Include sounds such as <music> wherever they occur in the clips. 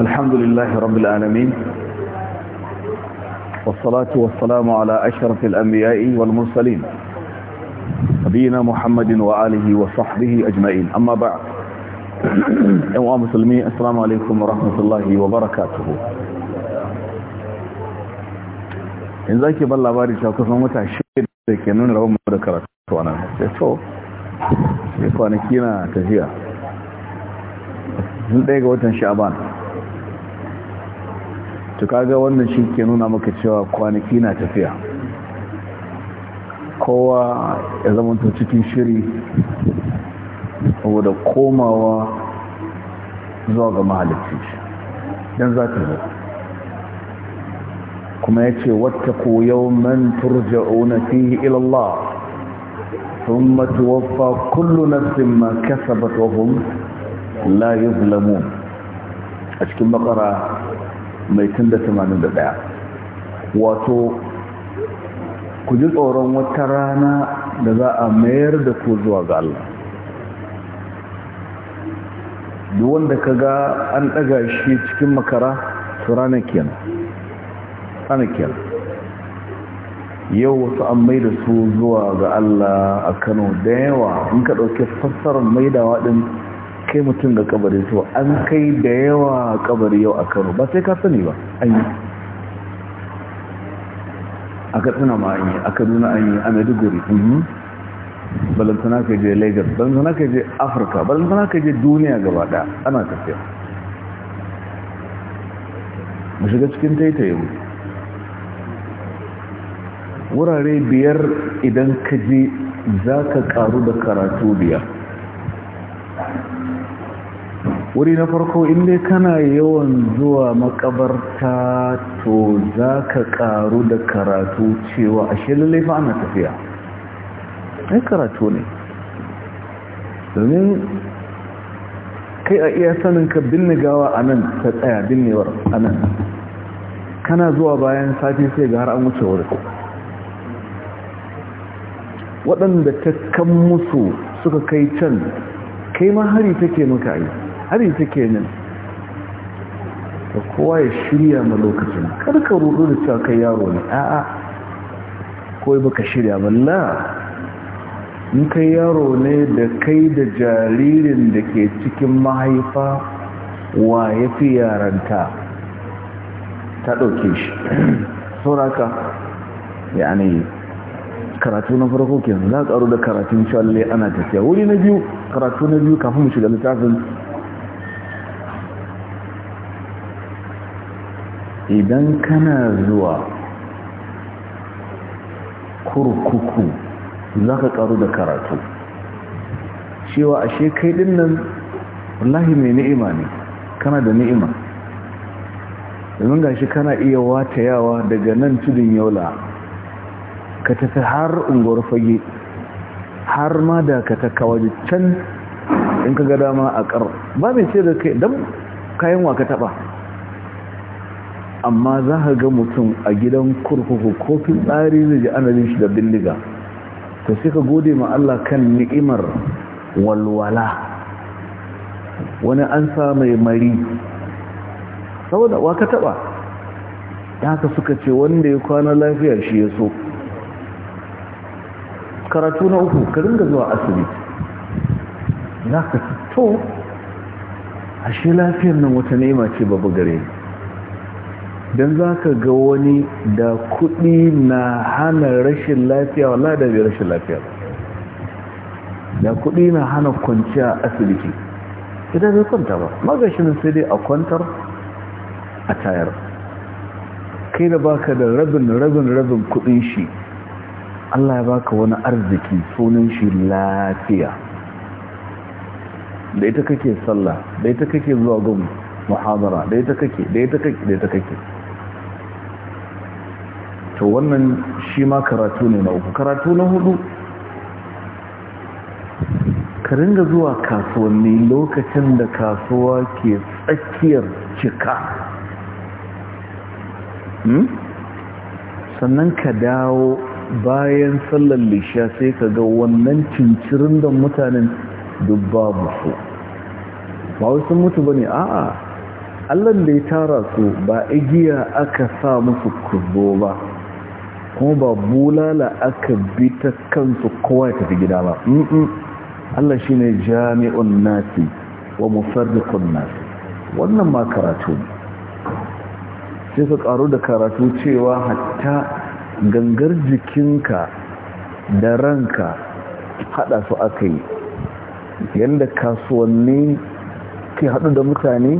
الحمد لله رب العالمين والصلاة والسلام على أشرف الأنبياء والمرسلين نبينا محمد وآله وصحبه أجمعين أما بعد أيها المسلمين السلام عليكم ورحمة الله وبركاته in zaki ban labari ta kusan wata shida da ke nuna rabon mu da karatu a nan sai to to kaga wannan shi ke nuna maka cewa kwanaki na tafiya kowa ya zamanta cikin shiri saboda komawa zuwa ga mahalicci don za ta zo kuma ya ce wata koyau man turja'una fi ilallah ثم توفى na نفس ما kasa وهم لا يظلمون a cikin bakara mai tun da 81 wato ku ji tsoron wata rana da za a mayar da ku zuwa ga Allah duk wanda ka ga an ɗaga shi cikin makara su rana kyan kyan yau wasu an mai da su zuwa ga Allah a kano da yawa in ka ɗauki fassarar maidawa ɗin kai mutum ga kabari so an kai da yawa kabari yau a kano ba sai ka sani ba an yi a katsina ma an yi a kaduna an yi a maiduguri mhm. balantana ka je lagos balantana ka je afirka balantana ka je duniya gaba daya ana tafiya mu shiga cikin taitaye mu wurare biyar idan ka je za ka karu da karatu biyar wuri na farko inda kana yawan zuwa makabarta to za ka karu da karatu cewa a shirin fa ana tafiya ai karatu ne domin kai a iya sanin ka gawa a nan ta tsaya binnewar a nan kana zuwa bayan sati sai ga har an wuce wuri waɗanda ta kan musu suka kai can kai ma hari take maka aiki hari take nan ta kowa ya shirya ma lokacin karka rudu da cewa kai yaro ne a'a kawai baka shirya balla in kai yaro ne da kai da jaririn da ke cikin mahaifa wa ya fi yaranta ta ɗauke shi sauraka ya ne karatu na farko ke za a da karatun shalle ana tafiya wuri na biyu karatu na biyu kafin mu shiga littafin idan kana zuwa kurkuku za ka karu da karatu cewa ashe kai din nan wallahi mai ni'ima ne kana da ni'ima domin gashi kana iya watayawa daga nan tudun yola ka tafi har unguwar fage har ma da ka ta kawaji can in ka ga dama a kar ba mai ce da kai don kayan wa ka taba amma za ka ga mutum a gidan kurkuku ko tsari zai ji anabin shi da bindiga to sai ka gode ma Allah kan ni'imar walwala wani an sa mai mari saboda wa ka taba ka suka ce wanda ya kwana lafiya shi ya so karatu na uku ka ringa zuwa asibiti za ka to ashe lafiyar nan wata nema ce babu gare ni don za ka ga wani da kuɗi na hana rashin lafiya wala da bai rashin lafiya da kuɗi na hana kwanciya a asibiti idan zai kwanta ba magashin sai dai a kwantar a tayar kai da baka da rabin rabin rabin kuɗin shi Allah ya baka wani arziki sunan shi lafiya da ita kake sallah da ita kake zuwa gun muhadara da ita kake da ita kake da ita kake to wannan shi ma karatu ne na uku karatu na hudu ka ringa zuwa kasuwanni lokacin da kasuwa ke tsakiyar cika hmm? sannan ka dawo bayan sallar lishiya sai ka ga wannan cincirin da mutanen dubba musu ba wasu mutu ba ne a'a allan da ya tara su ba igiya aka sa musu kuzo ba kuma ba bulala aka bi ta kansu kowa ya tafi gida ba Allah shi ne jami'un nasi wa mufarrikun nasi wannan ma karatu sai ka karu da karatu cewa hatta gangar jikinka da ranka hada su aka yi yadda kasuwanni ke hadu da mutane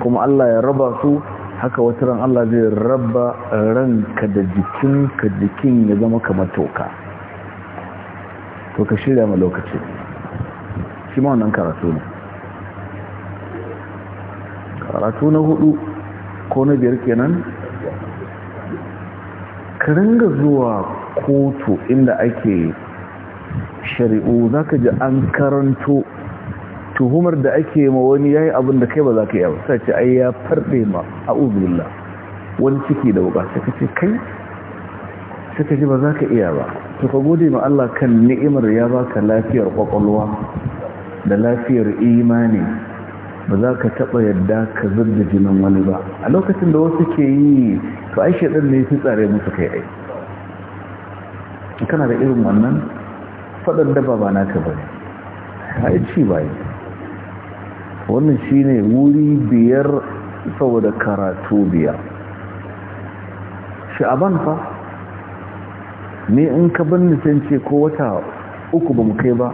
kuma Allah ya raba su haka wata ran Allah zai raba ranka da jikinka jikin ya zama kamar toka to ka shirya ma lokaci shi ma wannan karatu ne karatu na hudu ko na biyar kenan ka ringa zuwa kotu inda ake shari'u za ka ji an karanto tuhumar da ake ma wani ya yi abin da kai ba za ka yi abu sai ce ai ya farɗe ma a ubillah wani ciki da wuka sai ka ce kai sai ka ji ba za ka iya ba to ka gode ma Allah kan ni'imar ya baka lafiyar kwakwalwa da lafiyar imani ba za ka taɓa yadda ka zarda jinin wani ba a lokacin da wasu ke yi to ai shaɗar ne su tsare musu kai ai kana da irin wannan faɗin daba ba naka ba ne ci ba yi wannan shine wuri biyar saboda karatu biyar sha'aban fa ne in ka banni san ce ko wata uku ba mu kai ba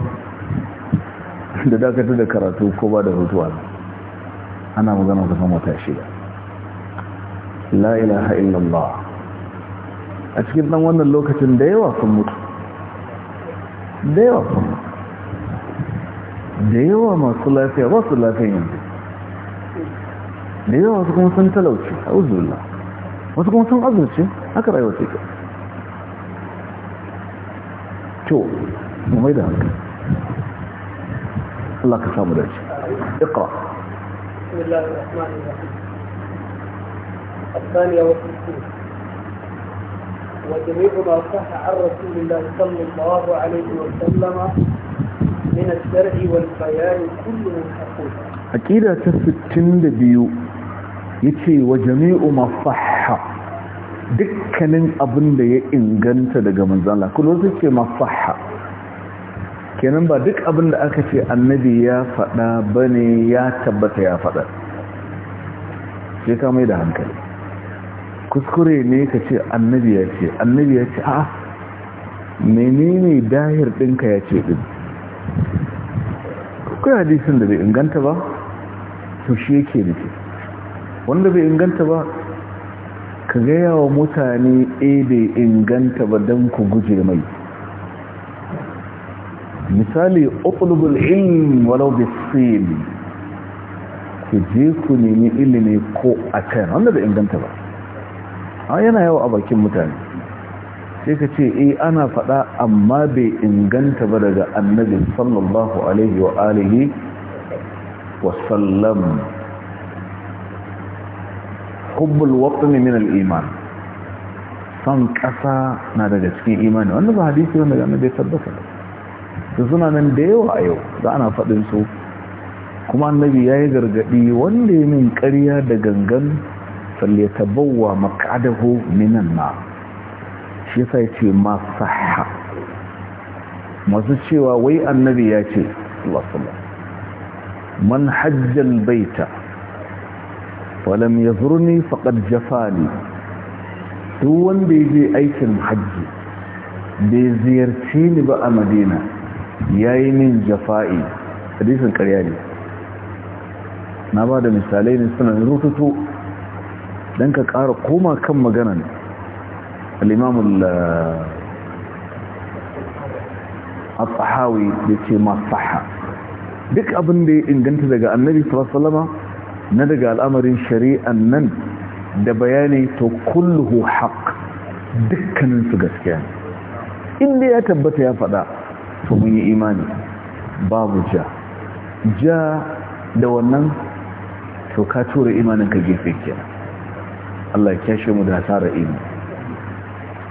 da dakatar da karatu ko ba da hutuwa ana magana kusan wata shida la ilaha illallah a cikin dan wannan lokacin da yawa sun mutu da yawa sun mutu da yawa masu lafiya ba su lafiya yanzu da yawa su kuma sun talauci a uzula wasu kuma sun azurci aka rayuwa su ka to mu mai da haka Allah ka samu dace iqra وجميع ما صح عن رسول الله صلى الله عليه وسلم من الزرع والبيان da biyu, حقوق أكيدة تستن دبيو يتي وجميع ما dukkanin abin da ya inganta daga manzala kullum su ce masaha kenan ba duk abin da aka ce annabi ya faɗa ba ne ya tabbata ya faɗa sai ka mai da hankali kuskure ne ka ce annabi ya ce annabi ya ce a menene dahir ɗinka ya ce ɗin kai hadisin da bai inganta ba to shi yake da ke wanda bai inganta ba ka gaya wa mutane a eh, bai inganta ba don ku guje mai misali utlubul ilm walau bisil ku je ku nemi ilimi ko kai wanda bai inganta ba a yana yawa a bakin mutane sai ka ce eh ana faɗa amma bai inganta ba daga annabin sallallahu alaihi wa alihi wa sallam hubbul waqni min al-iman san ƙasa na daga cikin imani wannan ba hadisi wanda ga bai tabbata Da suna nan da yawa a yau da ana faɗin su kuma annabi ya yi gargaɗi wanda ya min ƙarya da gangan falle tabawwa makadahu minan na shi yasa ce ma sahha masu cewa wai annabi ya ce man hajjal baita walam ya zurni faƙad jafani duk wanda ya aikin hajji bai ziyarci ni ba a madina ya yi min jafa'i hadisin ƙarya ne na ba da misalai ne suna rututu don ka ƙara koma kan maganan al'imam al-tsahawi ya ce duk abinda da ya inganta daga annabi salama na daga al'amarin shari'a nan da bayani to kulluhu haq dukkaninsu gaskiya inda ya tabbata ya faɗa to mun yi imani babu ja ja da wannan to ka tura imaninka gefe kenan Allah ya kyashe mu da hasara imani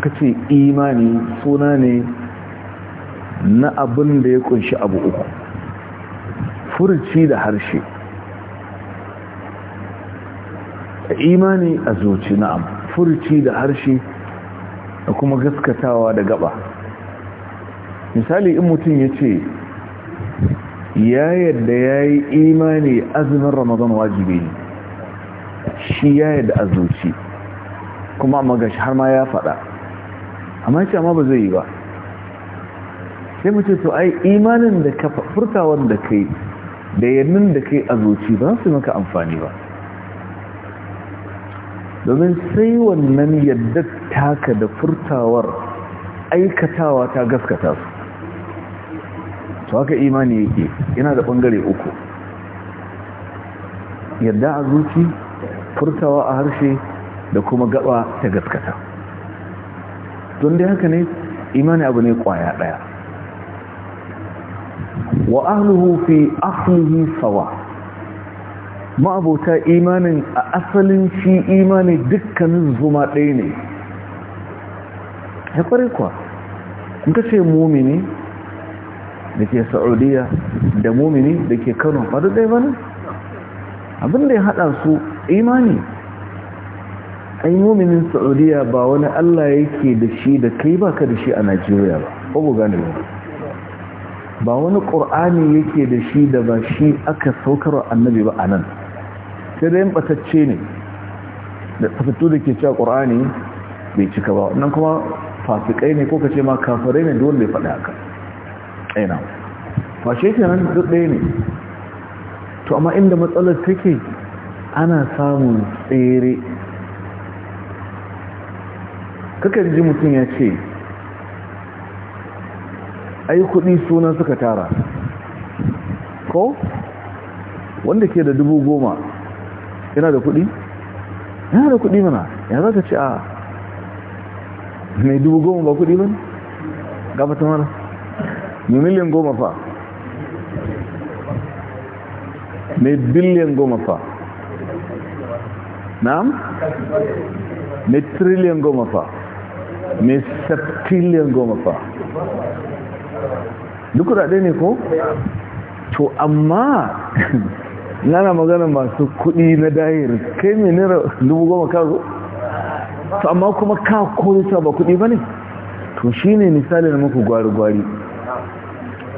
Ka ce imani suna ne na abin da ya kunshi abu uku furci da harshe imani a zuci na'am furci da harshe da kuma gaskatawa da gaba misali in mutum ya ce ya yadda ya yi imani azumin ramadan wajibi ne shi ya yadda a zuci kuma magashi har ma ya faɗa amma ce amma ba zai yi ba sai mace to ai imanin da ka furtawar da kai da yannin da kai a zuci ba su maka amfani ba domin sai wannan yadda taka da furtawar aikatawa ta gaskata su to haka imani yake yana da bangare uku yadda a zuci furtawa a harshe da kuma gaba ta gaskata don da haka ne imani abu ne kwaya daya wa ahluhu fi aslihi sawa ma'abota imanin a asalin shi imani dukkanin zuma ɗaya ne ya kware kuwa in ka ce mumini da ke saudiya da mumini da ke kano ba duk ɗaya ba ne abinda ya haɗa su imani ai muminin saudiya ba wani allah yake da shi da kai baka da shi a najeriya ba ko gane ba Ba wani ƙur'ani yake da shi da ba shi aka saukar annabi ba a nan sai da yin ɓatacce ne da fasattu da ke cewa ƙur'ani bai cika ba wannan kuma fasikai ne ko ka ce ma kafirai ne dole faɗi haka Ƙaina. Fashe shi nan duk ɗaya ne to amma inda matsalar take ana samun tsere kakan ji mutum ya ce ai kudi sunan suka tara ko wanda ke da dubu goma yana da kudi yana da kudi mana ya za ka ce a mai dubu goma ba kudi ba ne gaba ta mara mai miliyan goma fa mai biliyan goma fa na'am mai triliyan goma fa mai septiliyan goma fa duk raɗe ne ko? to amma <laughs> nana magana masu kudi na dayar kai mai nira dubu goma zo? to amma kuma ka koyuta ba kudi ba ne? to shi ne misalin muku gwari-gwari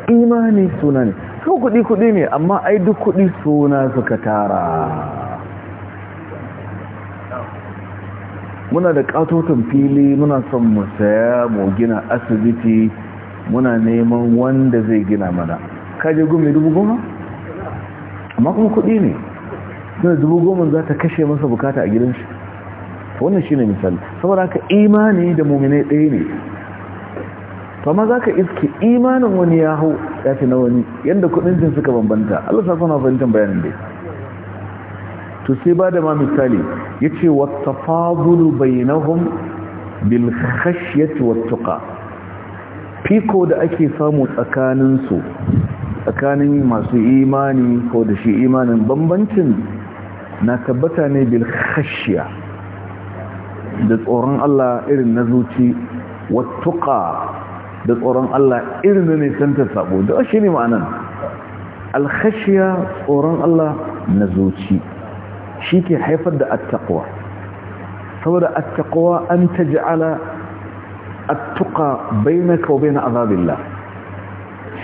imani suna ne so kudi kudi ne amma ai duk kudi suna suka tara muna da katotun fili muna son mu saya mu gina asibiti muna neman wanda zai gina mana kaje gumi dubu goma amma kuma kuɗi ne suna dubu goma za ta kashe masa bukata a gidan shi wannan shi ne misali saboda haka imani da mummina ɗaya ne amma za ka iske imanin wani ya hau ya fi na wani yadda kuɗin suka bambanta allah sa suna fahimtar bayanin dai to sai ba da ma misali ya ce wata fadulu bainahum bil khashyati fiko da ake samu tsakaninsu tsakanin masu imani ko da shi imanin bambancin na tabbata ne bil khashya da tsoron Allah irin na zuci wattuqa da tsoron Allah irin na ta sabo da shi ne ma'anan al tsoron Allah na zuci shi ke haifar da attaqwa saboda attaqwa an taj'ala attuka bainaka wa bain azabillah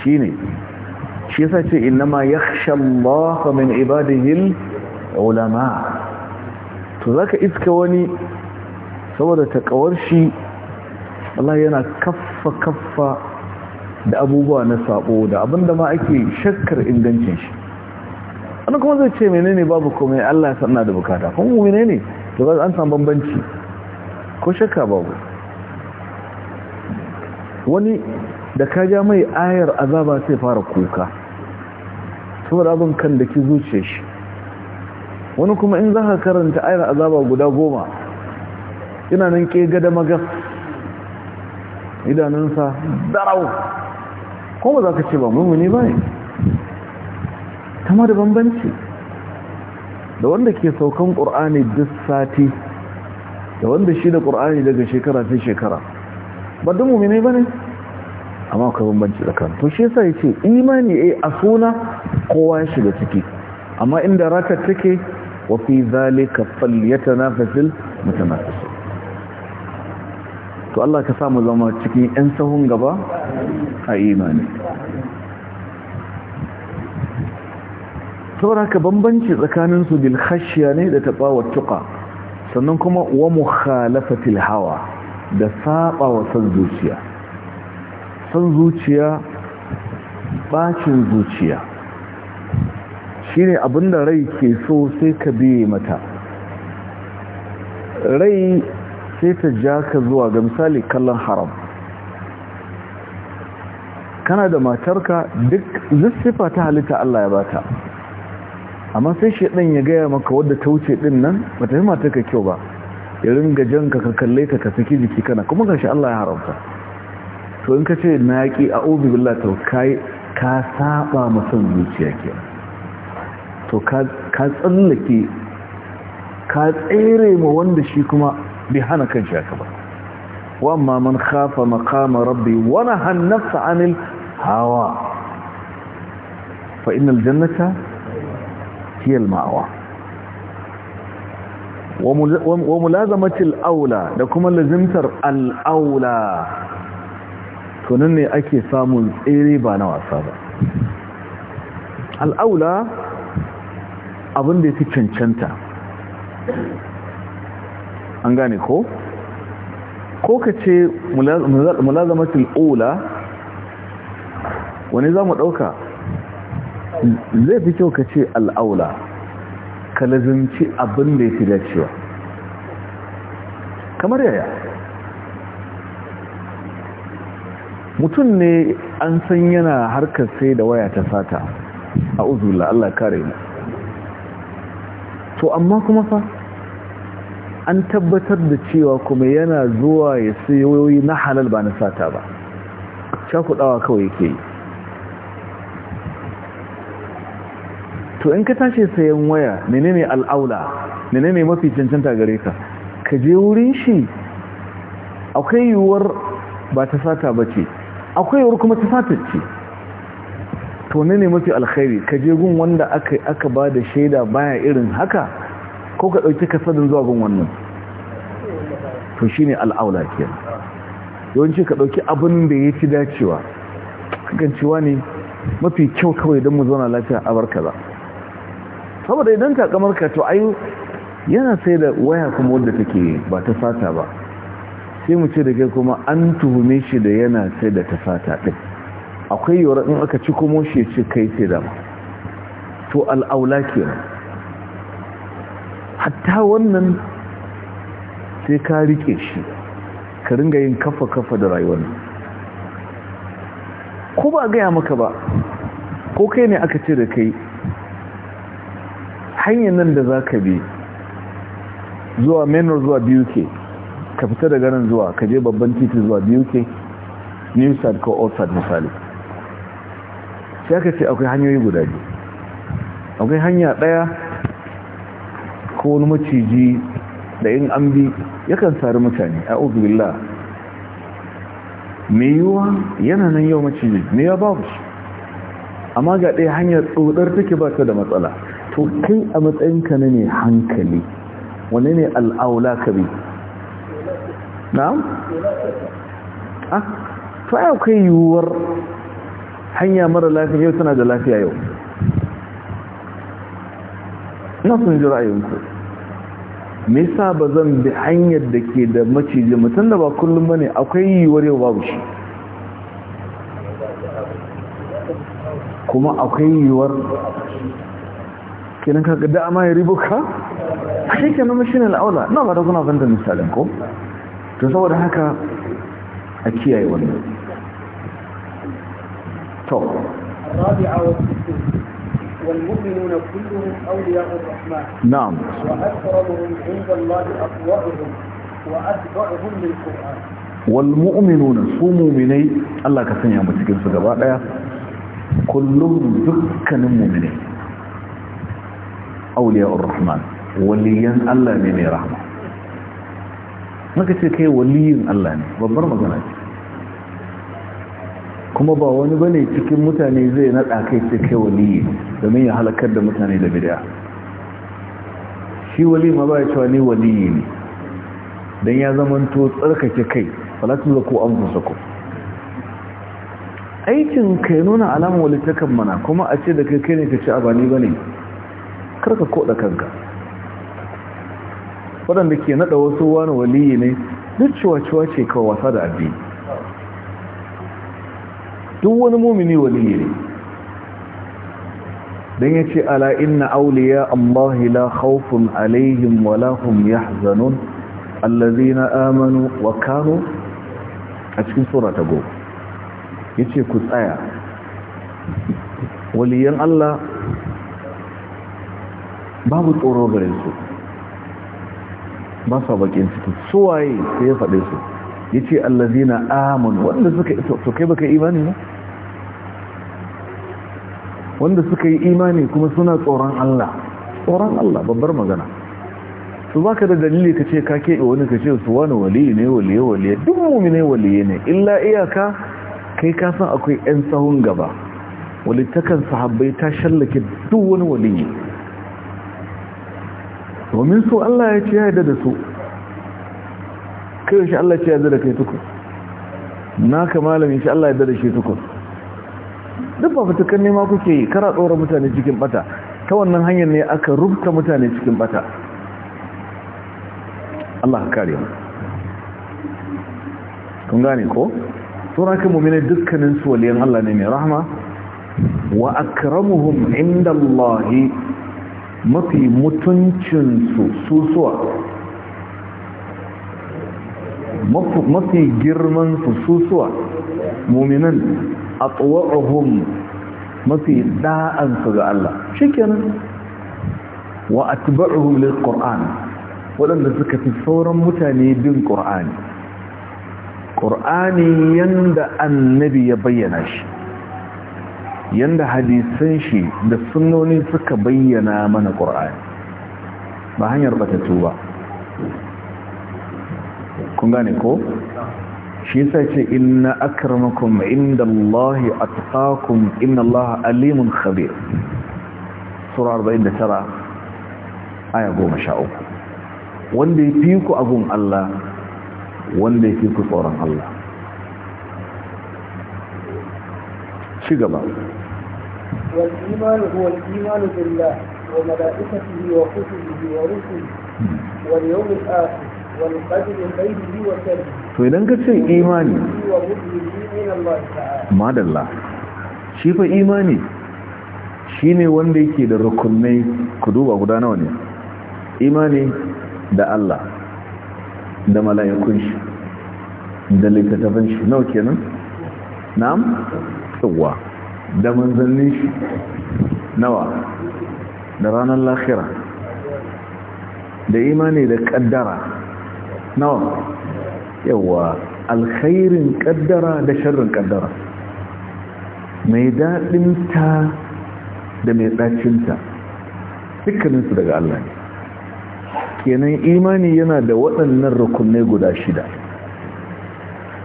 shine shi yasa ce innama yakhsha Allah min yin ulama to zaka iska wani saboda takawar shi Allah yana kaffa kaffa da abubuwa na sabo da abinda ma ake shakkar ingancin shi wani kuma zai ce menene babu komai Allah ya da bukata kuma mene ne to ba an samu bambanci ko shakka babu wani da ka ja mai ayar azaba sai fara kuka saboda abin kan da ki zuce shi wani kuma in za ka karanta ayar azaba guda goma ina nan ke gada magas idanunsa darau kuma za ka ce ba mummuni ba ne kama da bambanci da wanda ke saukan ƙur'ani duk sati da wanda shi da ƙur'ani daga shekara ta shekara ba dun mummune ba ne amma ka bambanci da kan to shi sa ya ce imani eh, a suna kowa ya shiga ciki amma inda raka take wafi zale wa ya zalika falyatanafasil mutanafisun to Allah ka samu zama cikin 'yan sahun gaba a imani saboda haka bambanci tsakanin su bil khashya ne da ta taqwa tuqa sannan kuma wa mukhalafatil hawa da saba wa san zuciya san zuciya bacin zuciya shine abinda rai ke so sai ka biye mata rai sai ta ja ka zuwa ga misali kallon haram kana da matarka duk zuffifa ta halitta Allah ya bata amma sai ɗin ya gaya maka wadda ta wuce ɗinnan nan ba ta hima ka kyau ba ya ringa jan ka ka kalle ka saki jiki kana kuma shi Allah ya haramta to in ka ce na a obi billah to kai ka saba mutum zuciya ke to ka tsallake ka tsere ma wanda shi kuma bai hana kan shi haka ba wamma man khafa maqama rabbi wa nahana nafsa anil hawa fa innal jannata Kiyal yalmawa wa mulazamatil aula da kuma lazimtar al'aula nan ne ake samun tsere ba na wasa ba al'aula abinda ya fi cancanta an gane ko? ko ka ce mulazamatil aula wani za mu ɗauka zai fi kyau ka ce al'aula ka lazimci abin da ya fi dacewa kamar yaya mutum ne an san yana harkar sai da waya ta sata. a uzula Allah kare mu to amma kuma fa an tabbatar da cewa kuma yana zuwa ya sayoyi na halal ba na sata ba shakudawa kawai yake yi to in ka tashi sayan waya menene al'aula menene mafi cancanta gare ka ka je wurin shi akwai yiwuwar ba ta sata ba ce akwai yiwuwar kuma ta sata ce to ne mafi alkhairi ka je gun wanda aka aka ba da shaida baya irin haka ko ka ɗauki kasadin zuwa gun wannan to shine al'aula ke yawanci ka ɗauki abin da ya ci dacewa cewa ne mafi kyau kawai don mu zauna lafiya a kaza. saboda idan ka kamar ka to ayu yana sai da waya kuma wadda take ba ta fata ba sai mu ce da kai kuma an tuhume shi da yana sai da ta fata din akwai yawar in aka ci kuma shi ce kai sai da to al'aula ke hatta wannan sai ka rike shi ka ringa yin kafa-kafa da rayuwar ko ba gaya maka ba ko kai ne aka ce da kai hanyar nan da za ka bi zuwa menor zuwa buk ka fita daga nan zuwa ka je babban titi zuwa buk new side ko old side misali sai aka ce akwai hanyoyi guda biyu akwai hanya daya ko wani maciji da yin an bi yakan sari mutane a uzubillah mai yiwuwa yana nan yau maciji ne ya babu shi amma ga ɗaya hanyar tsodar take ba ta da matsala to kai a matsayinka na ne hankali wane ne al'aula ka bi na'am? ah to yau kai yiwuwar hanya mara lafiya yau tana da lafiya yau na sun ji ra'ayinku me sa ba zan bi hanyar da ke da maciji mutum da ba kullum ba ne akwai yiwuwar yau babu shi kuma akwai yiwuwar kenan ka da amma ya ribuka a shi ke kenan mashin al'aula na ba da kuna zanta misalin ko to saboda haka a kiyaye wannan to والمؤمنون كلهم أولياء الرحمن نعم وأكرمهم عند الله أقوأهم وأتبعهم للقرآن والمؤمنون صوموا مؤمني الله كسن يا متكين سو كلهم دكان مؤمنين auliyar rahman waliyan Allah ne mai rahama maka ce kai waliyin Allah ne babbar magana ce kuma ba wani bane cikin mutane zai naɗa kai ce kai waliyi domin ya halakar da mutane da bid'a shi wali ma ba ya cewa ni waliyi ne don ya zamanto tsarkake kai salatu da ku an kusa ku aikin kai nuna alamun walitakan mana kuma a ce da kai kai ne ka ci abani ba ne karka koda kanka waɗanda ke naɗa wasu wani waliyi ne duk ciwa ce kawai wasa da addini duk wani mumini waliyi ne don ya ce ala inna auliya allahi la khawfun alaihim wala zanun allazi na amanu wa Kano. a cikin tsora ta go yace ku tsaya waliyan Allah babu tsoro gare su ba sa bakin ciki suwaye sai ya faɗe su ya ce allazina amin wanda suka to kai baka imani ba wanda suka yi imani kuma suna tsoron Allah tsoron Allah babbar magana su baka da dalili ka ce ka keɓe wani ka ce su wani wali ne waliye waliye duk ne waliye ne illa iyaka kai ka san akwai 'yan tsawon gaba walittakan sahabbai ta shallake duk wani waliye. domin su Allah ya ce ya yi da su kai shi Allah ce ya yarda da kai tukun na malami shi Allah ya yarda da shi tukun duk ba fitukan nema kuke yi kara tsoron mutane cikin bata ta wannan hanyar ne aka rubuta mutane cikin bata Allah kare mu kun gane ko sura kan mu'mini dukkanin su waliyan Allah ne mai rahma wa akramuhum indallahi mafi mutuncinsu susuwa mafi girmansu susuwa muminan a tsawo'ahun mafi da'ansu ga Allah shi kenan wa a tubaruhun lil ƙor'an waɗanda suka fi sauran mutane bin ƙor'ani ƙor'ani yadda annabi ya bayyana shi yanda hadisan shi da sunnoni suka bayyana mana ƙur'ani ba hanyar batattu ba kun gane ko shi sai ce inna akramakum inda Allah atqakum inna Allah alimun khabir sura 49 aya 13 wanda ya fi ku abun Allah wanda ya fi ku tsoron Allah ci gaba والإيمان هو الإيمان بالله وملائكته وكتبه ورسله واليوم الآخر والقدر خيره وشره to idan ka ce imani madalla shi fa imani shi ne wanda yake da rukunai ku duba guda nawa ne imani da Allah da mala'ikun shi da littattafan shi nau kenan na'am yawa da manzanni nawa da ranar lahira da imani da kaddara nawa yawa alkhairin kaddara da sharrin kaddara mai daɗinta da mai ɗacinta dukkaninsu daga Allah ne kenan imani yana da waɗannan rukunai guda shida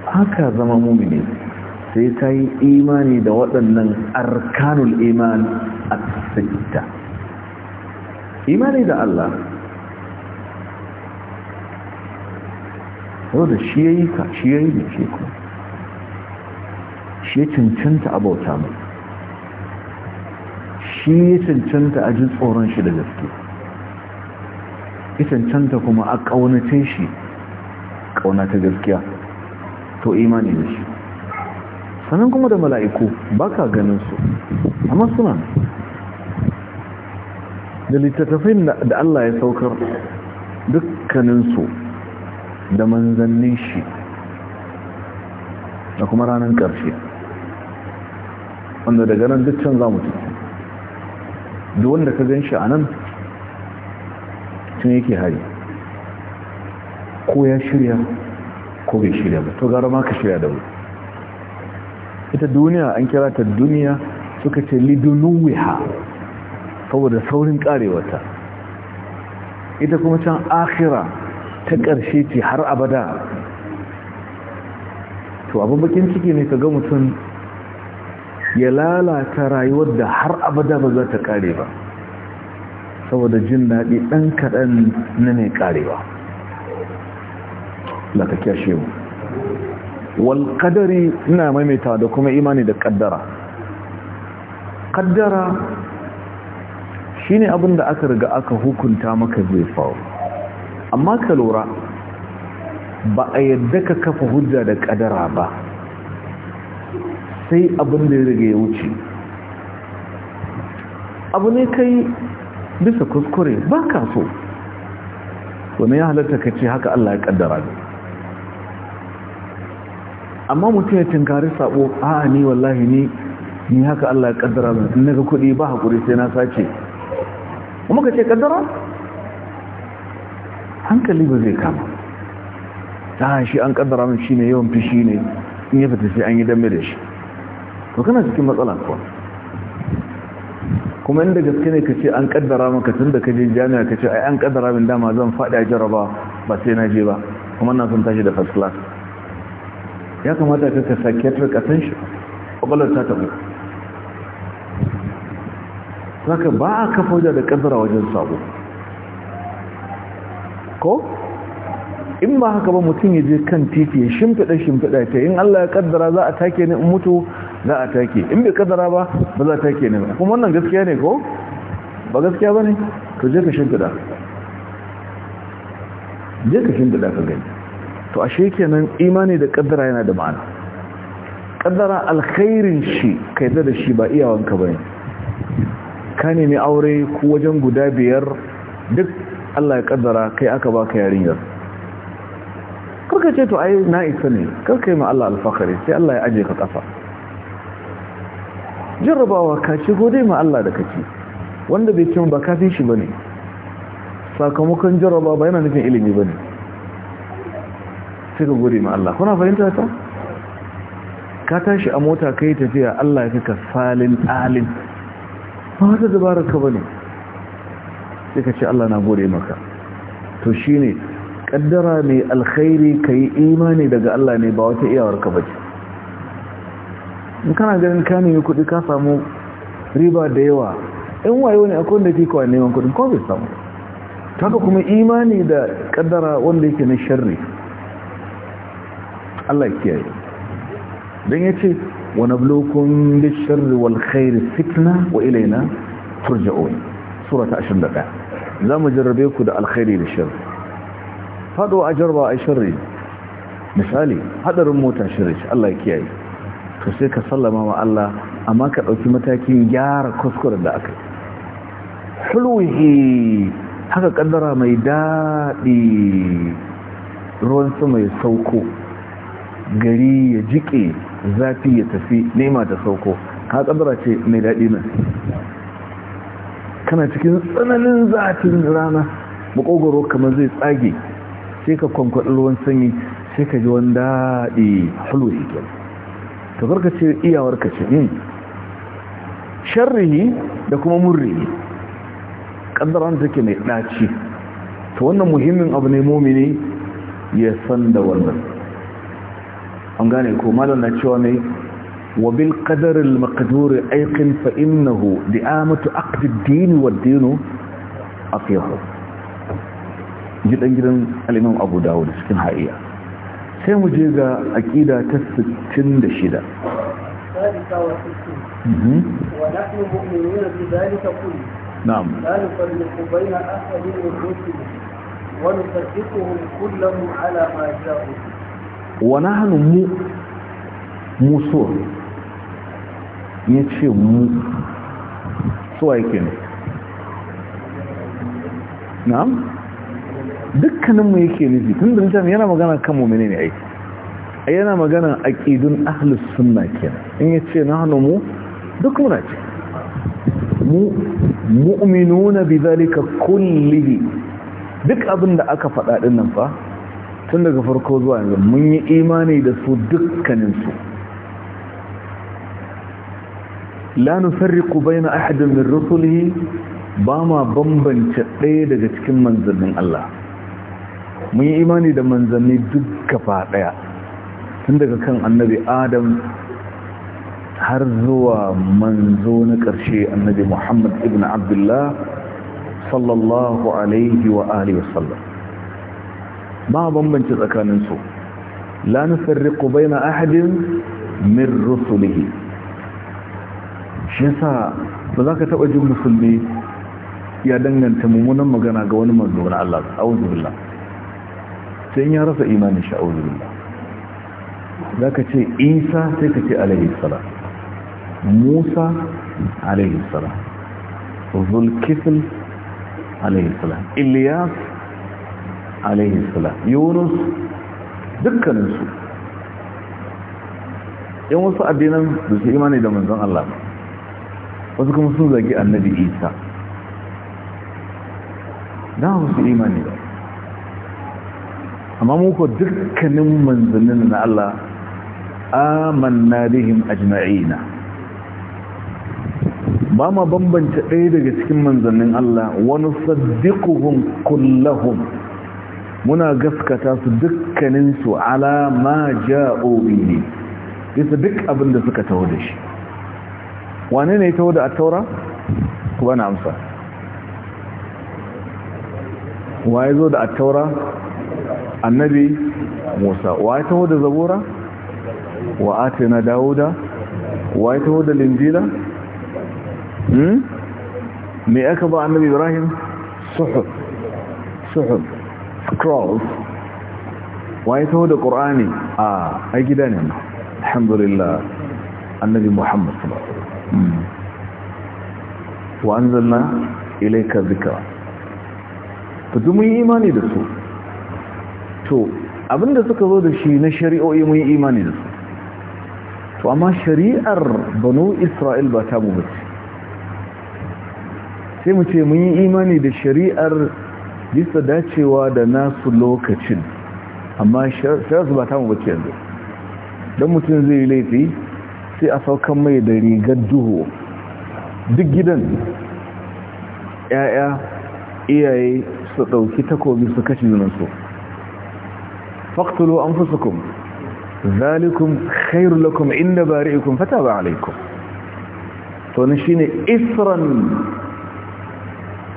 haka zama ne. sai ta yi imani da waɗannan arkanul iman a sita imani da Allah da shi ya yi ka shi ya yi da ke shi ya cancanta abauta mai shi ya cancanta a jin tsoron shi da gaske ya cancanta kuma a ƙaunace shi ƙauna ta gaskiya to imani da shi sannan kuma da mala'iku ba ka ganin su amma suna da littattafai da Allah ya saukar dukkaninsu da manzannin shi da kuma ranar ƙarshe wanda daga nan duk can za mu tafi da wanda ka gan shi a nan tun yake hari ko ya shirya ko bai shirya ba to gara ma ka shirya da wuri ita duniya an kira ta duniya suka ce lidunuwiha saboda saurin karewata ita kuma can akira ta ƙarshe ce har abada to abin bakin ciki ne ka ga mutum ya lalata rayuwar da har abada ba za ta ƙare ba saboda jin daɗi ɗan kaɗan na mai karewa lakakiyar shehu wal kadari ina maimaita da kuma imani da kaddara kaddara shine abin da aka riga aka hukunta maka zai faru amma ka lura ba a yadda ka kafa hujja da kaddara ba sai abin da ya riga ya wuce abu ne kai bisa kuskure ba ka so wani ya halatta ka ce haka Allah ya kaddara ne amma mutum ya tinkari sabo a ni wallahi ni ni haka Allah ya kaddara min in naga kudi ba hakuri sai na sace kuma ka ce kaddara hankali ba zai kama ta shi an kaddara mun shine yawan fishi ne in ya fita sai an yi dame da shi to kana cikin matsala ko kuma inda gaske ne kace an kaddara maka tun da kaje jami'a kace ai an kaddara min dama zan faɗi a jaraba ba sai na je ba kuma na son tashi da first class ya kamata ka kasan shi, kwakwalar ta tabu saka ba a kafa wajen da ƙadara wajen sabo ko in ba haka ba mutum ya je kan titi ya shimfiɗa shimfiɗa ta in Allah ya kadara za a take ni in mutu za a take in bai kadara ba ba za a take ni kuma wannan gaskiya ne ko ba gaskiya ba ne ka je ka shimfiɗa je ka shimfiɗa ka gani to ashe kenan imani da kaddara yana da ma'ana kaddara alkhairin shi kai da shi ba iyawanka bane ka nemi aure ko wajen guda biyar duk Allah ya kaddara kai aka baka yarinyar karka ce to ai na isa ne karka yi ma Allah alfakari sai Allah ya aje ka kafa jarrabawa ka ce gode ma Allah da kake wanda bai kyan ba kafin shi bane sakamakon jarraba ba yana nufin ilimi bane suka gode ma Allah kuna fahimta ta ka tashi a mota kai tafiya Allah ya kika salin alin ba wata dabarar ka bane sai ka ce Allah na gode maka to shine kaddara mai alkhairi kai imani daga Allah ne ba wata iyawar ka bace in kana ganin ka nemi kuɗi ka samu riba da yawa in wayo ne akwai wanda ke kawai neman kuɗin ko bai samu haka kuma imani da kaddara wanda yake na sharri Allah kiyaye dan yace wa nablukum bish wal-khairi fitna wa ilayna turja'un surata 21 zamu jarrabe ku da alkhairi da sharri fado a jarba a sharri misali hadarin mota shirri Allah kiyaye to sai ka sallama wa Allah amma ka ɗauki matakin gyara kuskuren da aka hulwihi haka kaddara mai daɗi. ruwan sama ya sauko gari ya jiƙe zafi ya tafi nema da sauko ka kadara ce mai daɗi nan kana cikin tsananin zafin rana makogoro kamar zai tsage sai ka kwankwaɗi ruwan sanyi sai ka ji wani daɗi halu ke ta farka ce iyawarka ce hmm. sharrihi da kuma murrihi ta ke mai ɗaci ta wannan muhimmin abu ne momini ya san da wannan an gane ko malam na cewa mai wa bil qadar al maqdur ayqin fa innahu di'amatu aqd ad-din wa ad-din afiyahu gidan gidan alimin imam abu dawud cikin ha'iya sai mu je ga aqida ta 66 نعم لا نفرق بين أحد من رسله كلهم على ما جاءوا wa nahnu mu muso ya ce mu so yake ne na'am dukkaninmu yake nufi tun da mutane yana magana kan mummune ne aiki yana magana a ƙidun ahalus suna ke in ya ce na hannu mu duk muna ce mu, mu'minuna bi zalika kullihi duk abin da aka faɗaɗin nan fa tun daga farko zuwa yanzu mun yi imani da su dukkaninsu lanu nufarriqu bayna ahadin min rusulihi ba ma bambance ɗaya daga cikin manzannin Allah mun yi imani da manzanni duk gaba ɗaya tun daga kan annabi adam har zuwa manzo na ƙarshe annabi muhammad ibn abdullah sallallahu alaihi wa alihi wasallam ba bambanci tsakaninsu la bai na ahadin min rusulihi shi sa ba za ka taba jin musulmi ya danganta mummunan magana ga wani manzo na Allah a'udhu billah sai ya rasa imanin shi a'udhu billah za ka ce isa sai ka ce alaihi musa alaihi salam zulkifl Iliyas. alaihi salam yunus dukkaninsu yan wasu addinan da su imani da manzon Allah wasu kuma sun zagi annabi isa na wasu imani da amma muku dukkanin manzannin na Allah amanna bihim ajma'ina ba ma bambanta ɗaya daga cikin manzannin Allah wani saddiquhum kullahun muna gaskata su dukkaninsu ala ma ja'o ne bisa duk abin da suka taho da shi wane ne taho da attaura? ku bana amsa Wa ya zo da attaura annabi musa Wa ya taho da zabura wa atina dawuda ya taho da linjila hmm? me aka ba annabi ibrahim suhuf suhuf scrolls waye taho da ƙorani a a gida ne alhamdulillah annabi muhammad sallallahu alaihi hmm. wa anzalna ilayka dhikra to duk mun imani da su to abinda suka zo da shi na shari'o'i mun imani da su to amma shari'ar banu isra'il ba ta mu bace sai mu ce mun yi imani da shari'ar bisa dacewa da nasu lokacin amma shirarsu ba ta mabace yanzu don mutum zai laifi sai a saukan mai da rigar duhu duk gidan ya'ya iyaye su ɗauki takobi su kashe junansu faktulo an fusukun zalikun khairu lakum inda ikun fata ba alaikum to ne isran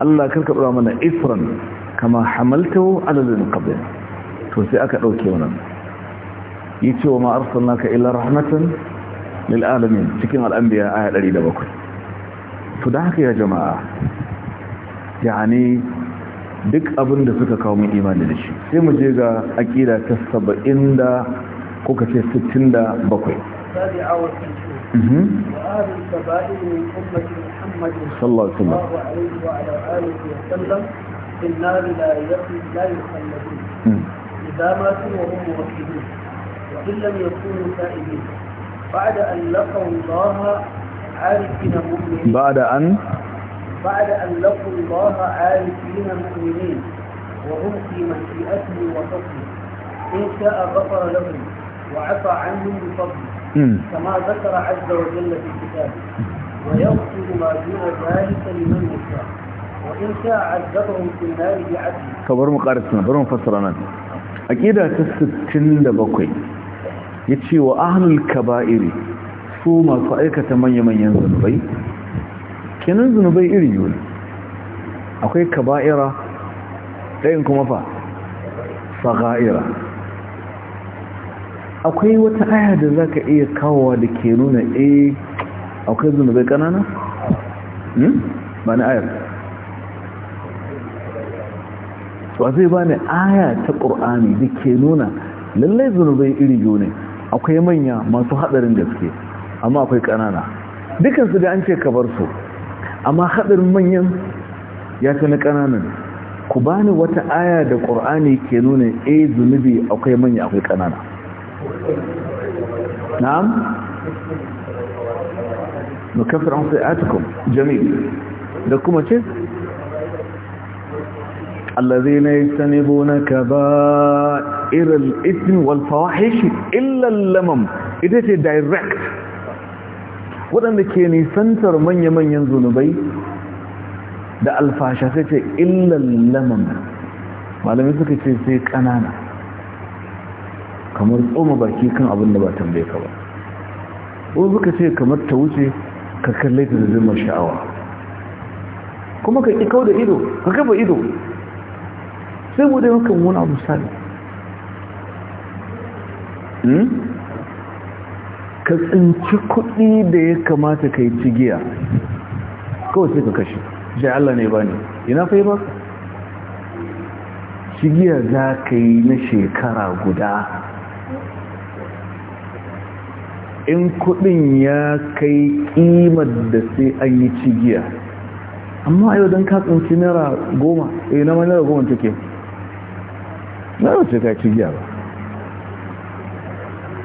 Allah karka ɗora mana isran kama hamaltahu alalin qabl to sai aka dauke wannan yace wa ma arsalnaka illa rahmatan lil alamin cikin al-anbiya aya 107 to da haka ya jama'a yani duk abin da suka kawo mun imani da shi sai mu je ga aqida ta 70 da kuka ce 67 وآل الكبائر من أمة محمد صلى الله عليه وعلى آله وسلم في النار لا لا يخلدون إذا ماتوا وهم موحدون وإن لم يكونوا تائبين بعد أن لقوا الله عارفين مؤمنين بعد أن بعد أن لقوا الله عارفين مؤمنين وهم في مشيئته وفضله إن شاء غفر لهم وعفى عنهم بفضله كما ذكر عز وجل في كتابه ويغفر ما دون ذلك لمن يشاء ka bar mu ƙara suna bar mu fassara nan a ƙida ta 67 ya ce wa ahalul kaba'iri su ma su aikata manya-manyan zunubai kenan zunubai iri yiwu akwai kaba'ira ɗayin kuma fa faga'ira akwai wata aya da za ka iya kawowa da ke nuna eh akwai zunubai ƙanana? ba na ayar to a zai bani aya ta ƙur'ani da ke nuna lallai zunubai iri biyu ne akwai manya masu haɗarin gaske amma akwai ƙanana dukansu da an ce ka bar su amma haɗarin manyan ya fi na kananan ku bani wata aya da ƙur'ani ke nuna e zunubi akwai manya akwai ƙanana na'am an da kuma ce الذين يجتنبون كبائر الإثم والفواحش إلا اللمم إذا direct waɗanda ke nisantar manya-manyan zunubai da alfasha sai ce illan lamam malamai suka ce sai ƙanana kamar tsoma baki kan abin da ba tambaye ka ba ko suka ce kamar ta wuce ka kalle ta da zama sha'awa kuma ka ƙi kau da ido ka kafa ido sai mu dai muka muna misali hmm? ka tsinci kuɗi da ya kamata ka yi cigiya kawai sai ka kashe jai Allah ne ba ne ina fai ba cigiya za ka yi na shekara guda in kuɗin ya kai ƙimar da sai an yi cigiya amma yau don ka tsinci naira goma eh na ma naira goma take za a ce ta ci giya ba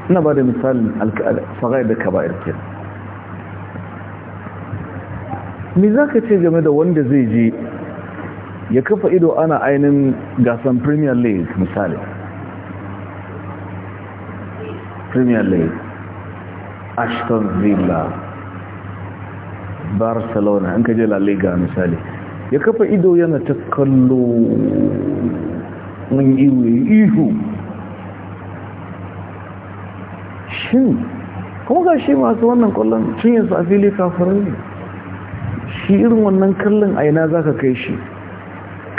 ina ba da misalin sagai da kaba'ir ke me za ka ce game da wanda zai je ya kafa ido ana ainihin gasan premier league misali premier league ashton villa barcelona an ka je la liga misali ya kafa ido yana ta kallo mun yi ihu shin kuma ga shi masu wannan kwallon cinyarsu a fili kafirin ne shi irin wannan kallon aina za ka kai shi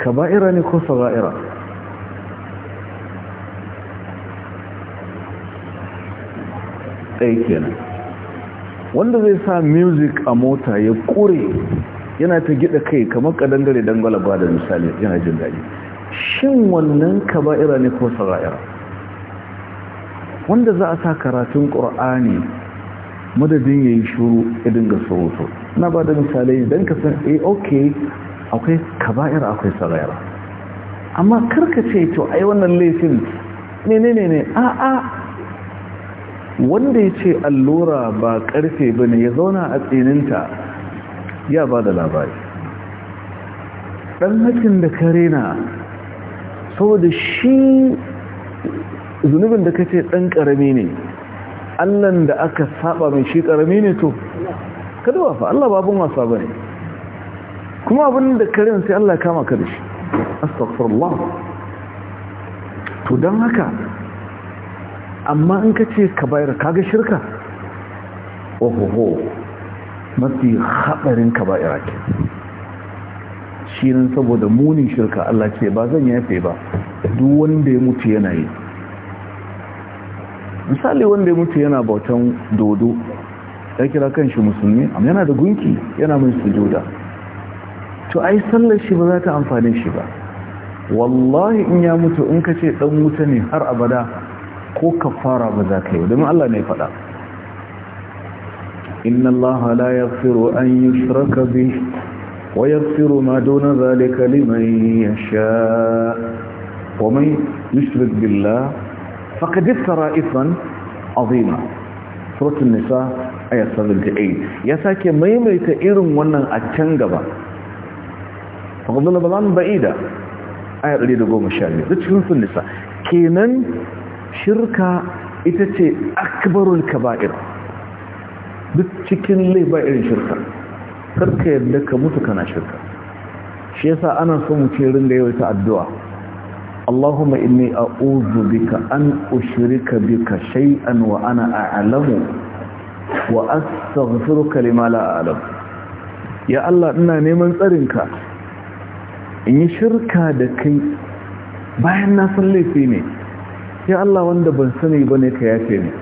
ka ba'ira ne ko saba'ira ɗaya kenan wanda zai sa music a mota ya ƙure yana ta gida kai kamar ƙadangare dangwala ba da misali yana jin daji shin wannan kaba'ira ne ko sara'ira wanda za a sa karatun Kur'ani, madadin ya yi shuru idin ga surutu na ba da misalai don ka san a eh, ok akwai kaba'ira akwai sara'ira amma ce to ai wannan laifin ne ne ne ne a a wanda ya ce allura ba karfe ba ne ya zauna a tsininta ya ba da labari ɗan hakin da Karena. saboda shi zunubin da ka ce ɗan ƙarami ne allan da aka saba mai shi ƙarami ne to kada ba fa Allah wasa bane kuma abin da karin sai Allah kama ka da shi astagfirullah to don haka amma in ka ce ka bayar kaga shirka ohoho mafi haɗarin kaba'ira ke shi nan saboda munin shirka Allah ce ba zan yafe ba duk wanda ya mutu yana yi misali wanda ya mutu yana bautan dodo ya kira kanshi musulmi amma yana da gunki yana mai sujuda to ai sallar shi ba za ta amfane shi ba wallahi in ya mutu in ka ce dan wuta ne har abada ko kafara ba za ka yi domin Allah ne faɗa inna Allah la yaghfiru an yushraka bihi ويغفر ما دون ذلك لمن يشاء ومن يشرك بالله فقد افترى اثما عظيما سورة النساء آية 78 يا ساكي ميميت إيرم ونن أتشنغبا فقد ضلال بعيدا آية 112 duk cikin nisa kenan shirka ita ce akbarul kaba'ir duk cikin laiba irin shirka karka yadda ka mutu kana shirka shi yasa ana so mu ce rinda yawaita addu'a Allahumma inni a'udhu bika an ushrika bika shay'an wa ana a'lamu wa astaghfiruka lima la a'lam ya Allah ina neman tsarinka in yi shirka da kai bayan na san laifi ne ya Allah wanda ban sani bane ka yafe ni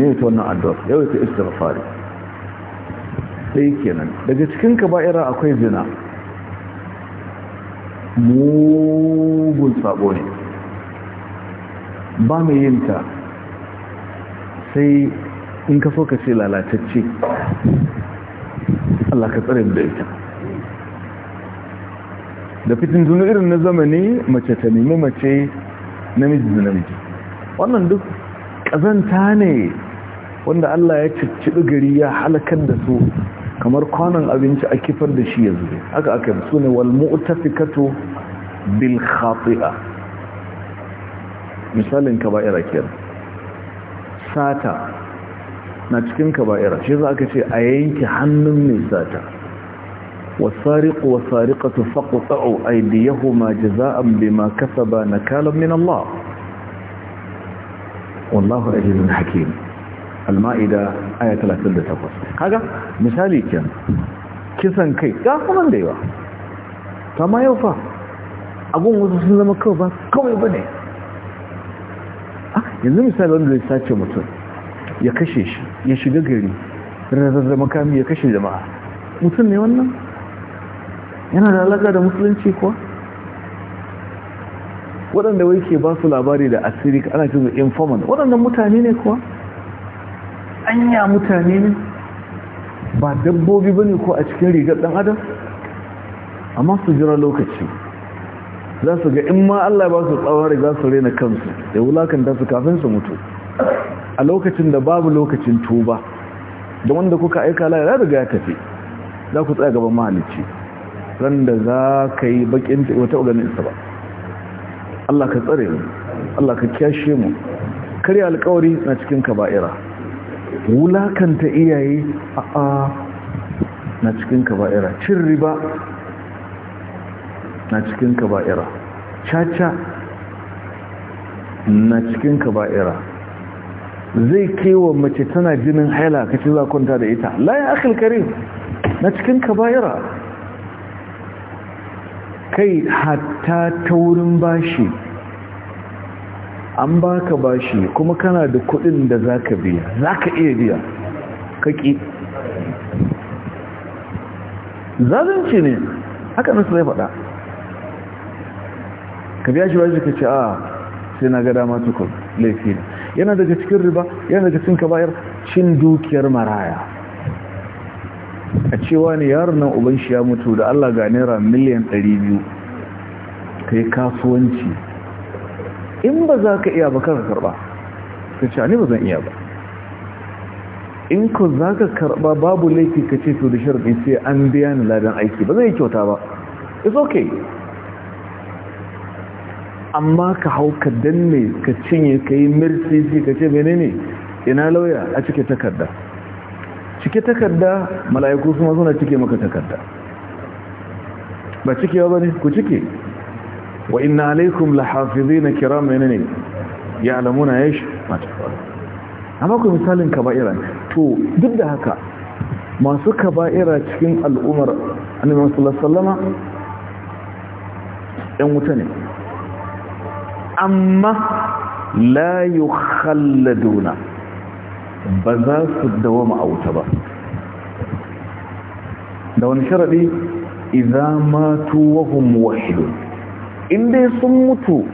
ne to wannan addu'a yawaita istighfari ɗaya kenan daga cikin kaba'ira akwai zina mugun sabo ne ba mai yin ta sai in ka so lalatacce Allah ka tsare da ita da fitin zunu irin na zamani mace ta nemi mace namiji da namiji wannan duk ƙazanta ne wanda Allah ya cicci gari ya halakar da su kamar kwanan abinci a kifar da shi ya zube haka aka yi su ne walmu'tafikatu bil khati'a misalin kaba'ira kenan sata na cikin kaba'ira shi za ka ce a yanki hannun mai sata wasariqu wasariqatu faqta'u aydiyahuma jazaa'an bima kasaba nakalan min Allah wallahu azizun hakim al-ma'ida aya 38 kaga misali kenan kisan kai ga kuma da yawa kama yau fa abun wasu sun zama kawai ba kawai bane ne ah, yanzu misali wanda zai sace mutum ya kashe shi ya shiga gari rarraza makami ya kashe jama'a mutum ne wannan yana da alaƙa da musulunci kuwa waɗanda wai ke ba su labari da asiri ana cikin informant waɗannan mutane ne kuwa anya mutane ne ba dabbobi ba ne ko a cikin rigar ɗan adam amma su jira lokaci za su ga in ma Allah ba su tsawari za su rena kansu da da su kafin su mutu a lokacin da babu lokacin tuba da wanda kuka aika la ya riga ya tafi za ku tsaya gaban mahalicci ran da za ka yi bakin wata uganin isa ba Allah ka tsare mu Allah ka kyashe mu karya alkawari na cikin kaba'ira wulakanta iyaye a na cikin kaba'ira cin riba na cikin kaba'ira caca na cikin kaba'ira zai kewa mace tana jinin haila kace za kwanta da ita layan akil na cikin kaba'ira kai hatta taurin bashi an baka bashi kuma kana da kudin da zaka biya zaka iya biya kaki zalunci ne haka nasu zai faɗa ka biya shi bashi ka ce a ah, sai na ga dama tukun laifi ne yana daga cikin riba yana daga cikin kabayar cin dukiyar maraya a cewa ne yaron nan uban shi ya mutu da Allah ga naira miliyan 200 yi kasuwanci in ba za ka iya ba kan karba sun ba zan iya ba in ko za ka karba babu laifi ka ce to da sharaɗi sai an biya ni ladan aiki ba zai kyauta ba it's okay amma ka hau ka danne ka cinye ka yi mirtisi ka ce mene ne ina lauya a cike takarda cike takarda mala'iku suna suna cike maka takarda ba cike ba ne ku cike wa inna alaikum lahafizina kiram menene ya'lamuna yash ma tafaru amma ku misalin kaba'ira to duk da haka masu kaba'ira cikin al'umar annabi sallallahu alaihi wasallama 'yan wuta ne amma la yukhalladuna ba za su dawama a wuta ba da wani sharaɗi idza matu wa wahidun Inda sun mutu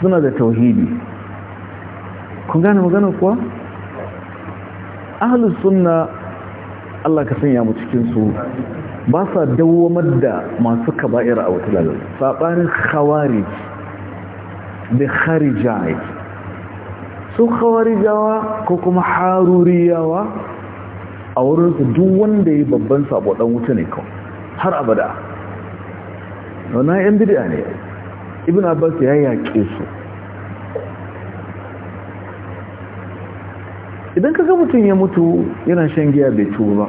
suna da tauhidi kun gane magana kuwa ahlus sunna Allah ka sanya mu cikin su ba sa dawwamar da masu kaba'ir a wata lalata sabanin khawarij da kharijai su khawarijawa ko kuma haruriyawa a wurinsu duk wanda yayi babban sabo dan wuta ne kawai har abada wannan yan bid'a ne ibn abbas ya yaƙe su idan ka ga mutum ya mutu yana shan giya bai tuba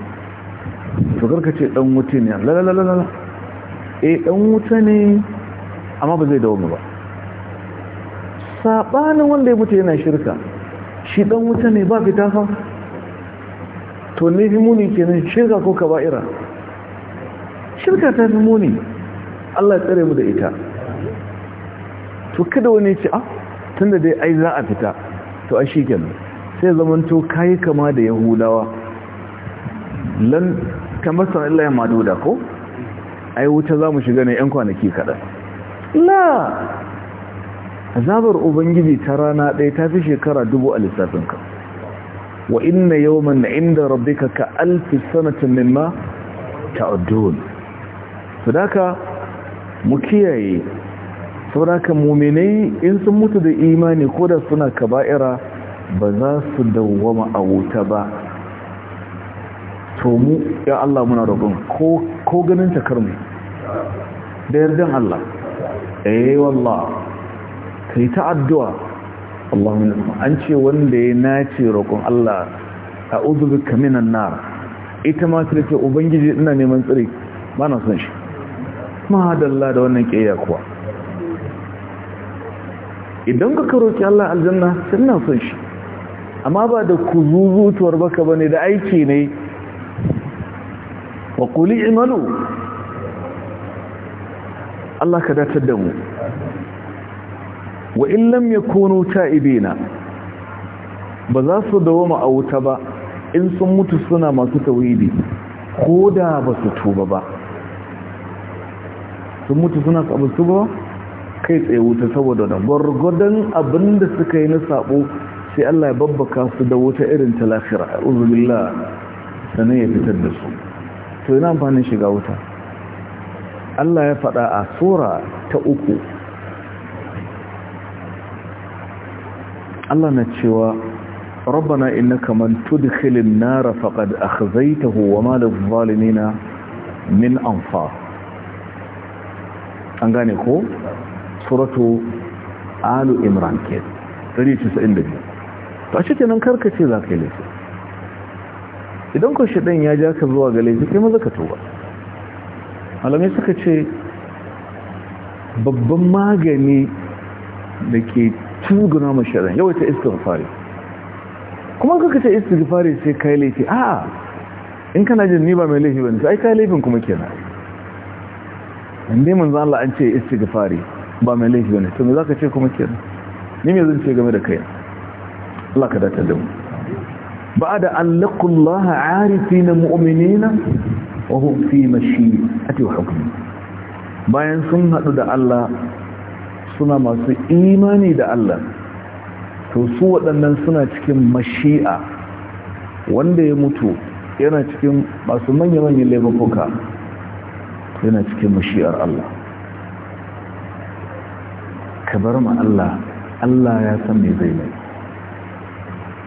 to karka ce dan wuta ne lalalalala eh dan wuta ne amma ba zai dawo ba sabanin wanda ya mutu yana shirka shi dan wuta ne ba fita fa to ne fi muni kenan shirka ko kaba'ira shirka ta fi muni Allah ya tsare mu da ita to kada wani ce ah tunda dai ai za a fita to ai shikenan sai zamanto kai kama da yahudawa lan kamar san Allah ya maduda ko ai wuta za mu shiga ne yan kwanaki kaɗan la azabar ubangiji ta rana ɗaya ta fi shekara dubu a lissafinka wa inna yawman inda rabbika ka alfi sanatin mimma ta'udun sadaka mu kiyaye sauraka muminai in sun mutu da imani ko da suna kaba'ira ba za su dawwama a wuta ba to mu ya Allah muna roƙon ko ganin takar da yardan Allah eh wallah kai ta addu'a an ce wanda ya nace roƙon Allah a'udhu bika minan nar ita ma sai ce ubangiji ina neman tsiri. ba na son shi ma da wannan kiyaya kuwa idan ka roki Allah aljanna sai na son shi amma ba da kuzuzutuwar baka bane da aiki ne wa quli imalu Allah ka datar da mu wa in lam yakunu ta'ibina ba za su dawoma a wuta ba in sun mutu suna masu tawhidi ko da ba su tuba ba sun mutu suna abu tuba ba kai tsaye wuta saboda da gwargwadon abin da suka yi na sabo sai Allah ya babbaka su da wuta irin ta lafira a uzubillah sannan ya fitar da su to yana amfanin shiga wuta Allah ya faɗa a sura ta uku Allah na cewa ربنا إنك من تدخل النار فقد أخزيته وما للظالمين من أنصار an gane ko suratu alu imran ke 192 to a ce kenan ce za ka yi laifi idan ko shaɗan ya ja ka zuwa ga laifi kai maza ka tuba malamai suka ce babban magani da ke tuguna ma yau ta istighfari kuma kaka ce istighfari sai kai laifi a'a in kana jin ni ba mai laifi ne. sai kai laifin kuma kenan inde manzo Allah an ce istighfari ba mai laifi ba ne to me za ka ce kuma kenan ni me zan ce game da kai Allah ka dace da mu بعد أن لقوا الله عارفين fi mashi a مشيئته وحكمه bayan sun haɗu da Allah suna masu imani da Allah to su waɗannan suna cikin mashi'a wanda ya mutu yana cikin masu manya-manyan laifuka yana cikin mashi'ar Allah ka bar ma Allah Allah ya san me zai mai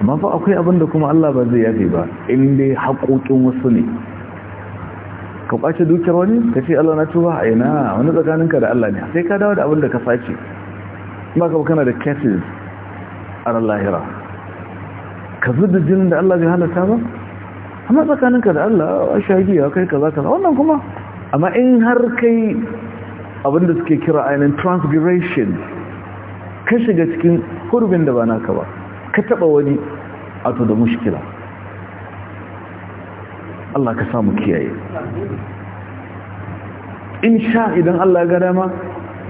amma fa akwai abin da kuma Allah ba zai yafe ba in dai haƙoƙin wasu ne ka kwace dukiyar wani ka ce Allah na tuba a ina wani tsakaninka da Allah ne sai ka dawo da abin da ka sace ba ka kana da cases a ran lahira ka zuba jinin da Allah zai halatta ba amma tsakaninka da Allah a shagiya kai kaza kaza wannan kuma amma in har kai abinda suke kira ainihin transgression ka shiga cikin hurbin da ba naka ba ka taba wani a da mushkila Allah ka samu kiyaye in sha idan Allah ga dama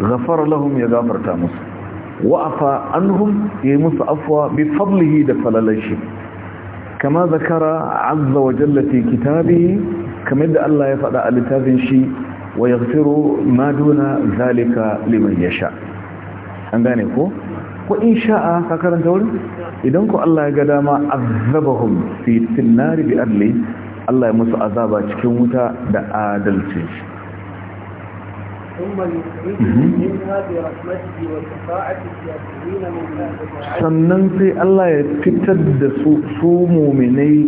ghafara lahum ya gafarta musu wa'afa anhum ya musu afwa bi fadlihi da falalashi kama zakara azza wa jalla fi kitabihi kamar da Allah ya faɗa a littafin shi wa yaghfiru ma duna zalika liman yasha an gane ko ko insha'a ka karanta wurin idan ko Allah ya ga dama azabahum fi sinnari bi adli Allah ya musu azaba cikin wuta da adalci mhm. sannan sai Allah ya fitar da su muminai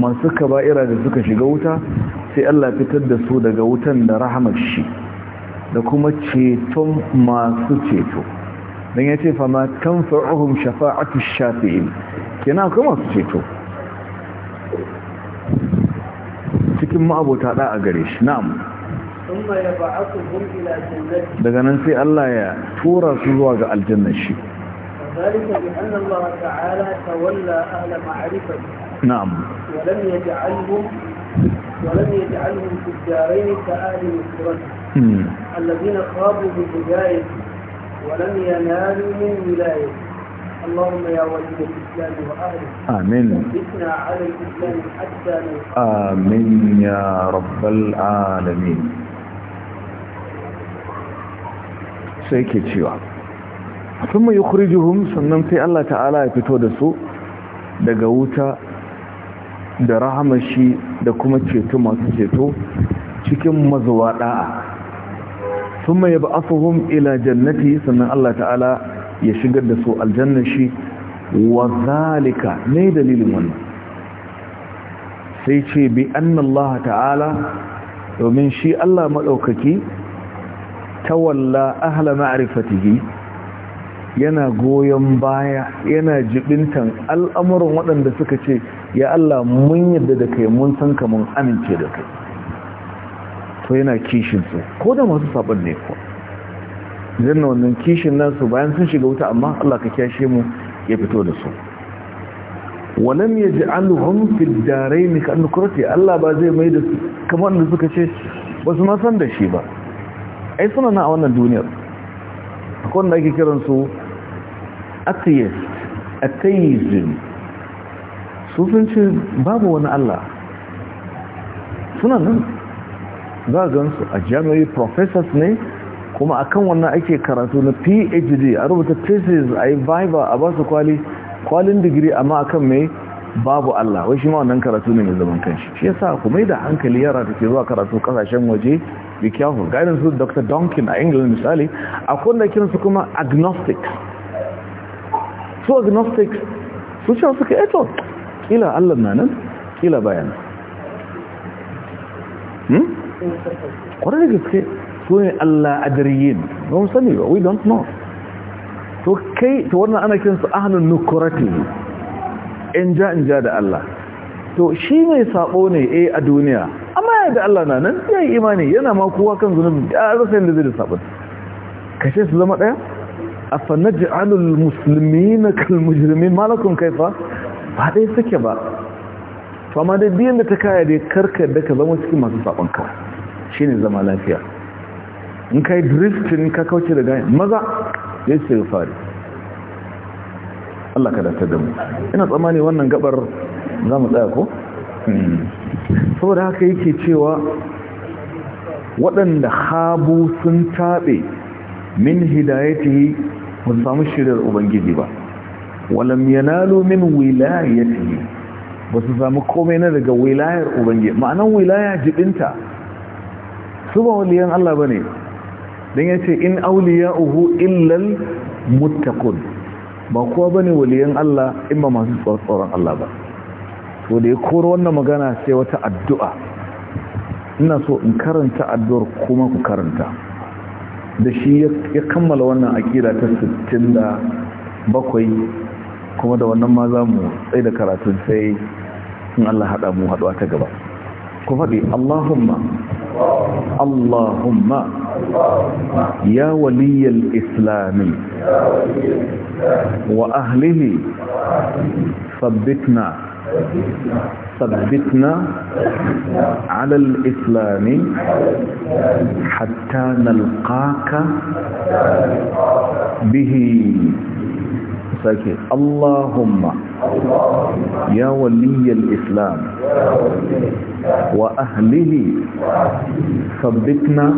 masu kaba'ira da suka shiga wuta sai Allah fitar da su daga wutan da rahamar shi da kuma ceton masu ceto don ya ce fama kan fa'uhun shafa'atu shafi'in kenan kuma masu ceto cikin ma'abota ɗa a gare shi na'am daga nan sai Allah ya tura su zuwa ga aljannar shi ذلك بأن الله تعالى تولى أهل معرفة نعم ولم يجعلهم ولم يجعلهم في الدارين كآل مصر الذين خابوا بهداية ولم ينالوا من ولاية اللهم يا ولي الإسلام وأهله آمين ثبتنا على الإسلام حتى نلقاك آمين يا رب العالمين sai ke cewa sun mai yukurjuhun sannan sai Allah ta'ala ya fito da su daga wuta da rahamar shi da kuma ceto masu ceto cikin mazuwa da'a sun mai ba afuhun ila jannati sannan Allah ta'ala ya shigar da su aljannar shi wa zalika ne dalilin wannan sai ce bi annallaha ta'ala domin shi Allah maɗaukaki tawalla ahla ma'arifatihi yana goyon baya yana jibintan al'amuran waɗanda suka ce ya Allah mun yadda da kai mun san ka mun amince da kai to yana kishin su ko da masu sabon ne ko zanna wannan kishin nasu bayan sun shiga wuta amma Allah ka kyashe mu ya fito da su walam yaj'aluhum fi ad-darain ka annukrati Allah ba zai mai da su kamar da suka ce ba su ma san da shi ba ai suna na a wannan duniyar wanda ake kiransu su atheism su ce babu wani Allah suna nan za a gansu a jami'ai professors ne kuma akan wannan ake karatu na phd a rubuta thesis a yi viva a basu kwali kwalin digiri amma akan mai babu Allah wai shi ma wannan karatu ne mai zaman kanshi shi yasa ku mai da hankali yara da ke zuwa karatu kasashen waje be careful gaidan su Dr. Duncan a England misali akwai da su kuma agnostic su agnostic su ce suka eto eh kila Allah na nan kila bayan hmm kwarar da gaske su ne Allah adariyin ba mu sani ba we don't know to kai to wannan ana su ahlun nukurati in ja in ja da Allah to shi mai sabo ne eh a duniya amma ya da Allah na nan ya imani yana ma kowa kan zunubi ya rasa da zai da sabon kashe su zama daya أفنجعل المسلمين كالمجرمين ما لكم كيف ba ba با فما dai biyan da ta kaya dai karka da ka zama cikin masu ka shine zama lafiya in kai drifting ka kauce daga maza yace ce fari Allah ka dace da mu ina tsammani wannan gabar za mu tsaya ko hmm. saboda haka yake cewa waɗanda habu sun taɓe min hidayatihi ba samu shirar ubangiji ba walam yanalu min wilayatihi ba samu komai na daga wilayar ubangiji ma'anan wilaya jibinta su ba waliyan Allah bane dan yace in awliya'uhu illal muttaqun ba kowa ne waliyan Allah in ba masu tsoron Allah ba to da ya koro wannan magana sai wata addu'a ina so in karanta addu'ar kuma ku karanta da shi ya kammala wannan akida ta 67 kuma da wannan ma za mu tsaye da karatun sai in Allah haɗa mu haɗuwa ta gaba ku faɗi Allahumma Allahumma ya waliyyar islami وأهله ثبتنا ثبتنا على الإسلام حتى نلقاك به اللهم يا ولي الإسلام وأهله ثبتنا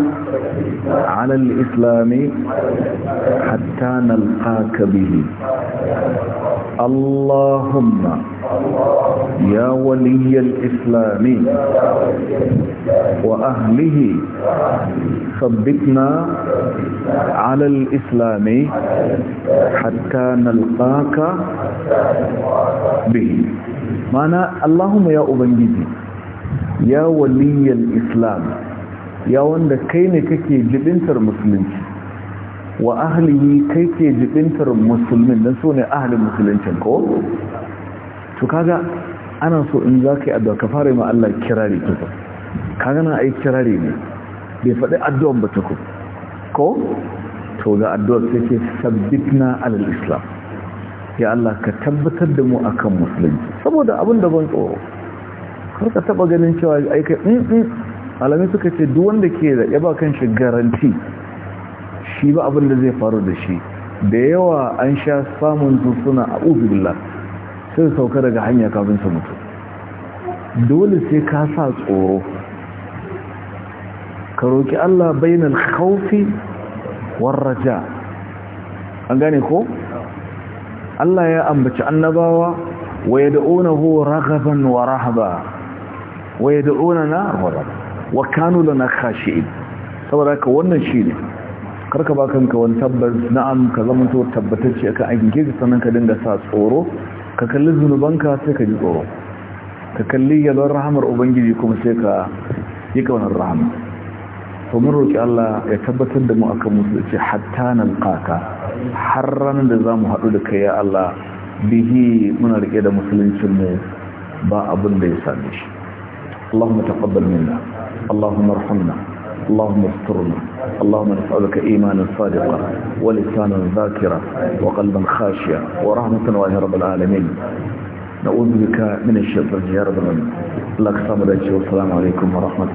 على الإسلام حتى نلقاك به اللهم يا ولي الإسلام وأهله ثبتنا على الإسلام حتى نلقاك به معنى اللهم يا أبنجي ya waliyyar islam ya wanda kai ne kake jibintar musulunci wa ahlihi kai ke jibintar musulmin don so ne ahalin musuluncin ko? to kaga ana so in za ka yi addu'a ka fara ma Allah kirari kuka kaga na yi kirari ne bai faɗi addu'an ba tukun ko? to ga addu'a sai ke sabbitna alal islam ya Allah ka tabbatar da mu akan musulunci saboda abin da ban tsoro Ka taba ganin cewa aika in mm, mm. alamai suka ce duk wanda ke da ya kan shi garanti shi ba abin da zai faru da shi da yawa an sha samun suna a ubillah sai sauka daga hanya kafin su mutu dole sai ka sa tsoro ka roƙi Allah bainal khawfi war raja an gane ko Allah ya ambaci annabawa wa hu ragaban wa rahaba wayad'una na ghuraba wa kanu lana khashi'in saboda ka wannan shine karka ba kanka wani tabbas na'am ka zama to tabbatacce akan aikin ka sanan ka dinga sa tsoro ka kalli zunubanka sai ka ji tsoro ka kalli yalwar rahamar ubangiji kuma sai ka yi kaunar rahama to mun roki Allah ya tabbatar da mu akan ce hatta nalqaka har ranar da zamu haɗu da kai ya Allah bihi muna rike da musuluncin mu ba abin da ya same shi اللهم تقبل منا اللهم ارحمنا اللهم استرنا اللهم نسألك إيمانا صادقا ولسانا ذاكرا وقلبا خاشيا ورحمة الله رب العالمين نعوذ بك من الشيطان يا رب العالمين الله والسلام عليكم ورحمة